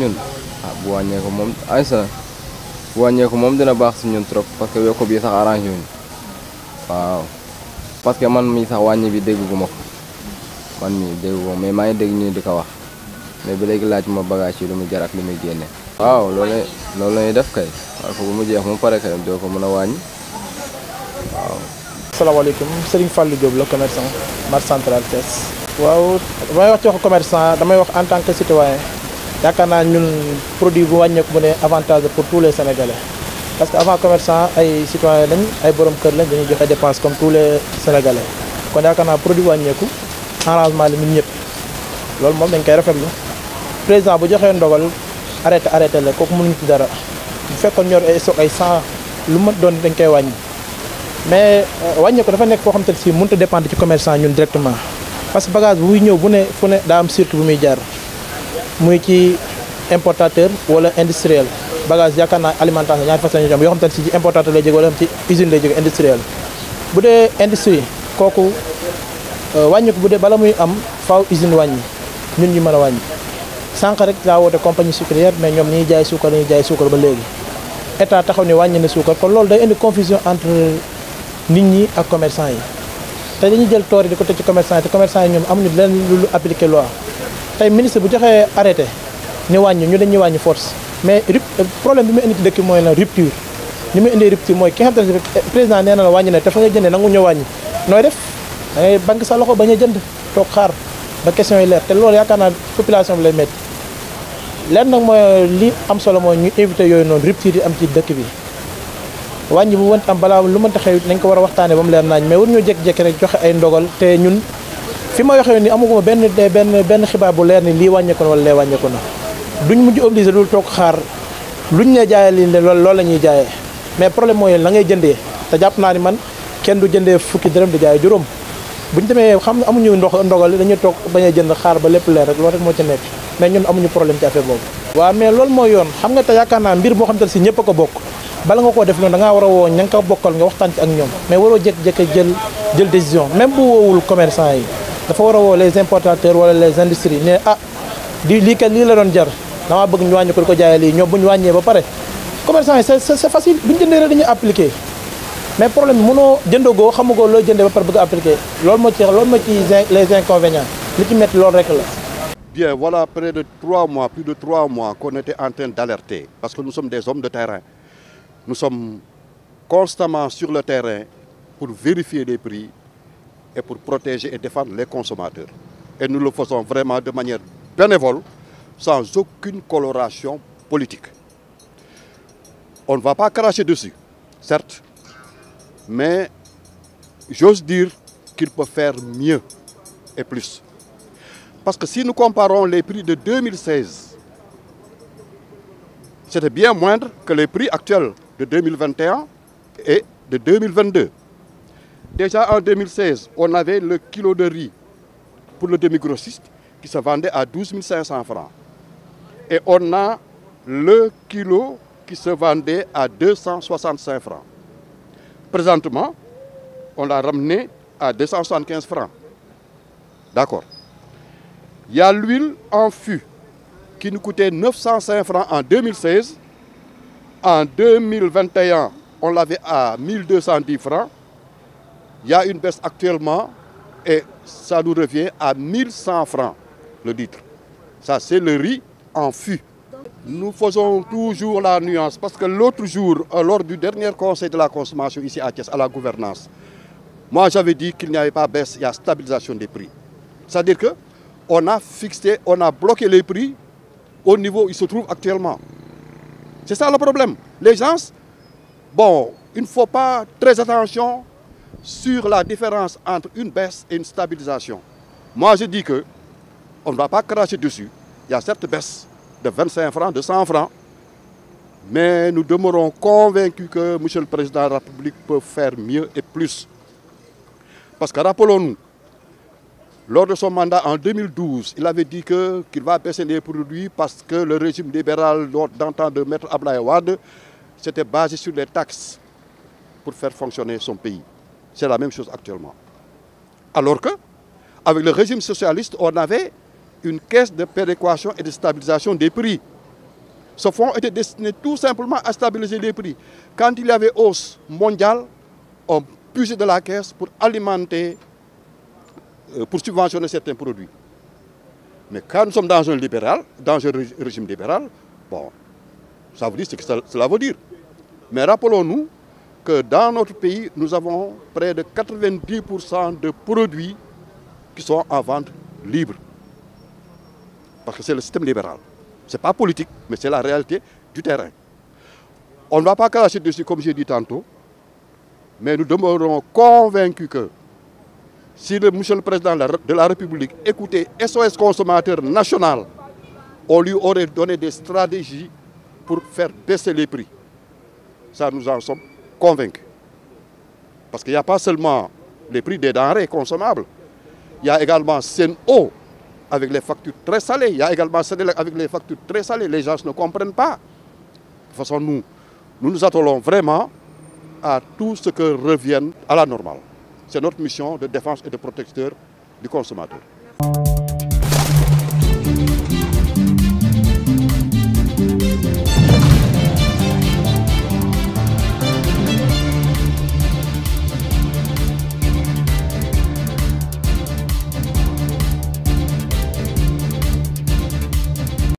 ñun ah bu wàññeeku moom aysa bu moom dina baax si ñun trop parce que yokku bi sax arrangé wuñu waaw parce que man mii sax wàññi bi dégguma ko man mii dégguma mais maa ngi dégg ñu di ko wax mais ba léegi laaj ma bagage ci lu muy jar lu muy génne. waaw loolu loolu la def kay parce que bu mu jeex mu pare kay doo ko mën a wàññi waaw. asalaamaaleykum Serigne Fallou Diop la commerçant marché central Thiès. waaw damay wax ci waxu commerçant damay wax en tant yaakaar naa ñun produit bu wàññeeku mu ne avantage pour tous les sénégalais parce que avant commerçant ay citoyen lañ ay borom kër lañ dañuy joxe dépense comme tous les sénégalais kon yaakaar naa produit wàññeeku arrangement la ñun ñëpp loolu moom dañ koy rafetlu président bu joxee ndogal arrêté arrêté la kooku mënuñ ci dara bu fekkoon ñor ay ay 100 lu mat doon dañ koy wàññi mais euh, wàññeeku dafa nekk koo xam te si mënut a dépendre ci commerçant ñun directement parce que bagage bu muy ñëw bu ne fu ne daa am circuit bu muy jaar. muy ci importateur wala industriel bagage yakana alimentation ñaar façon ñom yo xam te ci importateur lay jóge wala ci usine lay jóge industriel bu dee industrie koku euh, ko bu bala muy am faaw usine wanyi, ñun ñu wanyi. a sank rek la wote compagnie sucrière mais ñom ni jaay sucre ni jaay sucre ba légui état taxaw ni na sucre kon lool day indi confusion entre nit ñi ak commerçant yi té dañuy jël toor yi di ko ci commerçant té commerçant ñom amuñu lén lu appliquer loi tey ministre bu joxé arrêté ni wañu ñu dañuy wañu force mais problème bi mu indi dëkk moy la rupture ni mu indi rupture moy ki nga président nee na la wàññi na te fa nga jëndee nangu ñu wañu noy def da ngay banque sa loxo baña jënd tok xaar ba question yi leer té loolu yaakaar population bi lay metti lén nak moy li am solo moy ñu éviter yoy non rupture di am ci dëkk bi wañu bu mënti am balaa lu mënti xew nañ ko wara waxtané bam ba mu leer naañ mais war ñoo jékki-jékki rek joxe ay ndogal té ñun fi ma waxee ni amaguma benn benn benn xibaar bu leer ni lii wàññeeku na wala lee wàññeeku na duñ mujj obligé dul toog xaar luñ ne jaayee lii ne loolu la ñuy jaayee mais problème mooy la ngay jëndee te jàpp naa ni man kenn du jëndee fukki dërëm di jaayee juróom buñu demee xam amuñu ndox ndogal dañuy toog bañ a jënd xaar ba lépp leer rek loolu rek moo ci nekk mais ñun amuñu problème ci affaire boobu waaw mais loolu mooy yoon xam nga te yaakaar naa mbir boo xam te si ñëpp ko bokk bala nga koo def noonu da ngaa war a woo ña bokkal nga waxtaan ci ak ñoom mais waroo jékki-jékki jël jël décision même bu woowul commerçant yi les importateurs ou les industries ne ah di lii kat lii la don jar dama bëgg ñu wañu ko di ko jaayee lii ba paré commerçant c'est c'est facile buñu jëndé jëndee dañuy appliquer mais problème mëno mënoo go xamugo lo jëndé ba paré bëgg appliquer loolu mo ci loolu ci les inconvénients li ci métti loolu rek la. bien voilà près de 3 mois plus de 3 mois qu'on était en train d'alerter parce que nous sommes des hommes de terrain nous sommes constamment sur le terrain pour vérifier les prix et pour protéger et défendre les consommateurs. Et nous le faisons vraiment de manière bénévole, sans aucune coloration politique. On ne va pas cracher dessus, certes, mais j'ose dire qu'il peut faire mieux et plus. Parce que si nous comparons les prix de 2016, c'était bien moindre que les prix actuels de 2021 et de 2022. Déjà en 2016, on avait le kilo de riz pour le demi-grossiste qui se vendait à 12 500 francs. Et on a le kilo qui se vendait à 265 francs. Présentement, on l'a ramené à 275 francs. D'accord. Il y a l'huile en fût qui nous coûtait 905 francs en 2016. En 2021, on l'avait à 1210 francs. Il y a une baisse actuellement et ça nous revient à 1100 francs le litre. Ça, c'est le riz en fût. Nous faisons toujours la nuance parce que l'autre jour, euh, lors du dernier conseil de la consommation ici à Thiès, à la gouvernance, moi j'avais dit qu'il n'y avait pas baisse, il y a stabilisation des prix. C'est-à-dire qu'on a fixé, on a bloqué les prix au niveau où ils se trouvent actuellement. C'est ça le problème. Les gens, bon, il ne faut pas très attention sur la différence entre une baisse et une stabilisation. Moi, je dis que on ne va pas cracher dessus. Il y a cette baisse de 25 francs, de 100 francs, mais nous demeurons convaincus que M. le Président de la République peut faire mieux et plus. Parce que rappelons lors de son mandat en 2012, il avait dit qu'il va baisser les produits parce que le régime libéral d'antan de Maître Ablaïwad s'était basé sur les taxes pour faire fonctionner son pays. C'est la même chose actuellement. Alors que, avec le régime socialiste, on avait une caisse de péréquation et de stabilisation des prix. Ce fonds était destiné tout simplement à stabiliser les prix. Quand il y avait hausse mondiale, on puisait de la caisse pour alimenter, euh, pour subventionner certains produits. Mais quand nous sommes dans un libéral, dans un régime libéral, bon, ça veut dire ce que cela veut dire. Mais rappelons-nous que dans notre pays, nous avons près de 90% de produits qui sont en vente libre. Parce que c'est le système libéral. Ce n'est pas politique, mais c'est la réalité du terrain. On ne va pas cracher dessus, comme j'ai dit tantôt, mais nous demeurons convaincus que si le monsieur le président de la République écoutait SOS consommateur national, on lui aurait donné des stratégies pour faire baisser les prix. Ça, nous en sommes convaincu. Parce qu'il n'y a pas seulement les prix des denrées consommables, il y a également CNO avec les factures très salées, il y a également avec les factures très salées, les gens ne comprennent pas. De toute façon, nous, nous nous attelons vraiment à tout ce que revienne à la normale. C'est notre mission de défense et de protecteur du consommateur.